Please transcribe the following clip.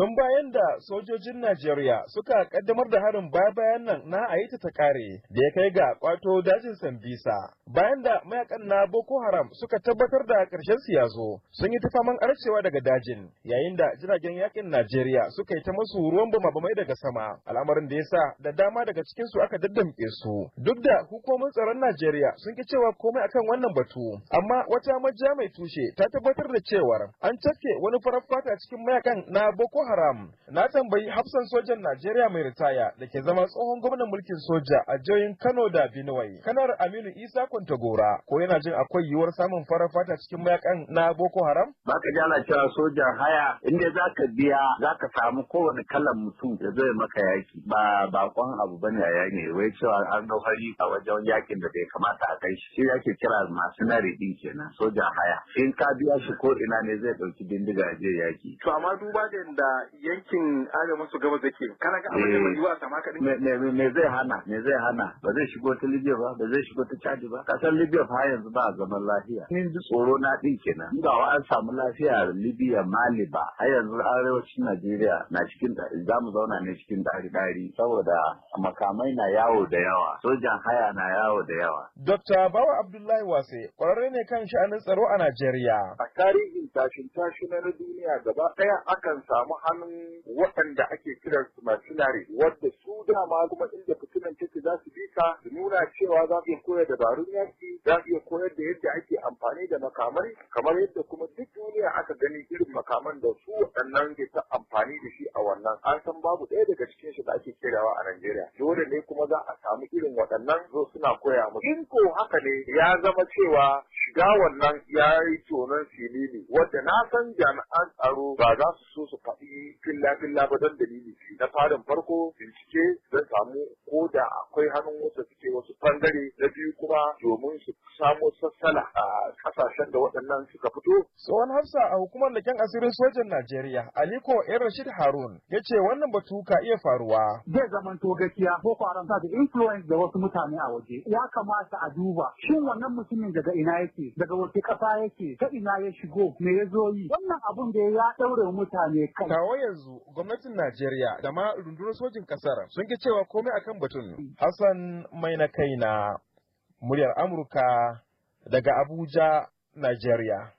tun bayan da sojojin Najeriya suka kaddamar da harin baya-bayan nan na Aita ta kare da ya kai ga kwato dajin Sambisa. Bayan da mayakan na Boko Haram suka tabbatar da karshen su yazo, sun yi ta faman arcewa daga dajin yayin da jiragen yakin Najeriya suka yi ta masu ruwan bama-bamai daga sama, al'amarin da ya sa da dama daga cikin su aka daddamke su. Duk da hukumomin tsaron Najeriya sun ki cewa komai akan wannan batu, amma wata majiya mai tushe ta tabbatar da cewar an cafke wani farar fata cikin mayakan na Boko Haram. Na tambayi hafsan sojan Najeriya mai ritaya da ke zama tsohon gwamnan mulkin soja a jihohin Kano da Benue. Kanar Aminu Isa Kwantagora ko yana jin akwai yiwuwar samun farar fata cikin mayakan na Boko Haram? Ba ka jana cewa sojan haya inda za ka biya za ka samu kowane kalan mutum da zai maka yaki ba bakon abu ba ne a yaki wai cewa an dau hari a wajen yakin da bai kamata a kai shi shi yake kira masu nari kenan sojan haya in ka biya shi ko ina ne zai ɗauki bindiga je yaki. To amma duba da yankin arewa masu gaba zake kana ga abin da yi wa sama kadin me zai hana me zai hana ba zai shigo ta Libya ba ba zai shigo ta chadi ba kasar Libya fa yanzu ba zaman lafiya ni ji tsoro na din kenan ga wa an samu lafiya Libya Mali ba har yanzu arewacin Najeriya na cikin za mu zauna ne cikin dari dari saboda makamai na yawo da yawa sojan haya na yawo da yawa Dr. Bawa Abdullahi Wase kwararre ne kan sha'anin tsaro a Najeriya a tarihin tashin tashi na duniya gaba ɗaya akan samu hannun waɗanda ake kiran su masu wadda su dama kuma inda fitinan take za su bi ka su nuna cewa za su iya koyar barun yaki za su koyar da yadda ake amfani da makamai kamar yadda kuma duk duniya aka gani irin makaman da su waɗannan ke ta amfani da shi a wannan an san babu ɗaya daga cikin shi da ake kerawa a Najeriya dole ne kuma za a samu irin waɗannan zo suna koya musu in ko haka ne ya zama cewa shiga wannan ya yi tonon fili ne wadda na san jami'an tsaro ba za su so su faɗi filla-filla ba don dalili na farin farko bincike zai samu ko da akwai hannun wasu suke wasu bangare na biyu kuma domin su samu sassala a kasashen da waɗannan suka fito. Tsohon Hafsa a hukumar leken asirin sojan Najeriya Aliko Yan Rashid Harun ya ce wannan batu ka iya faruwa. Zai zama to gaskiya ko da influence da wasu mutane a waje. Ya kamata a duba shin wannan mutumin daga ina yake daga wace ƙasa yake ta ina ya shigo me ya zo yi wannan abun da ya ɗaure mutane kai. Kawo yanzu gwamnatin Najeriya da ma rundunar sojin ƙasar sun ki ce cewa komai akan batun. Hassan mai na kai na muryar Amurka daga Abuja, Najeriya.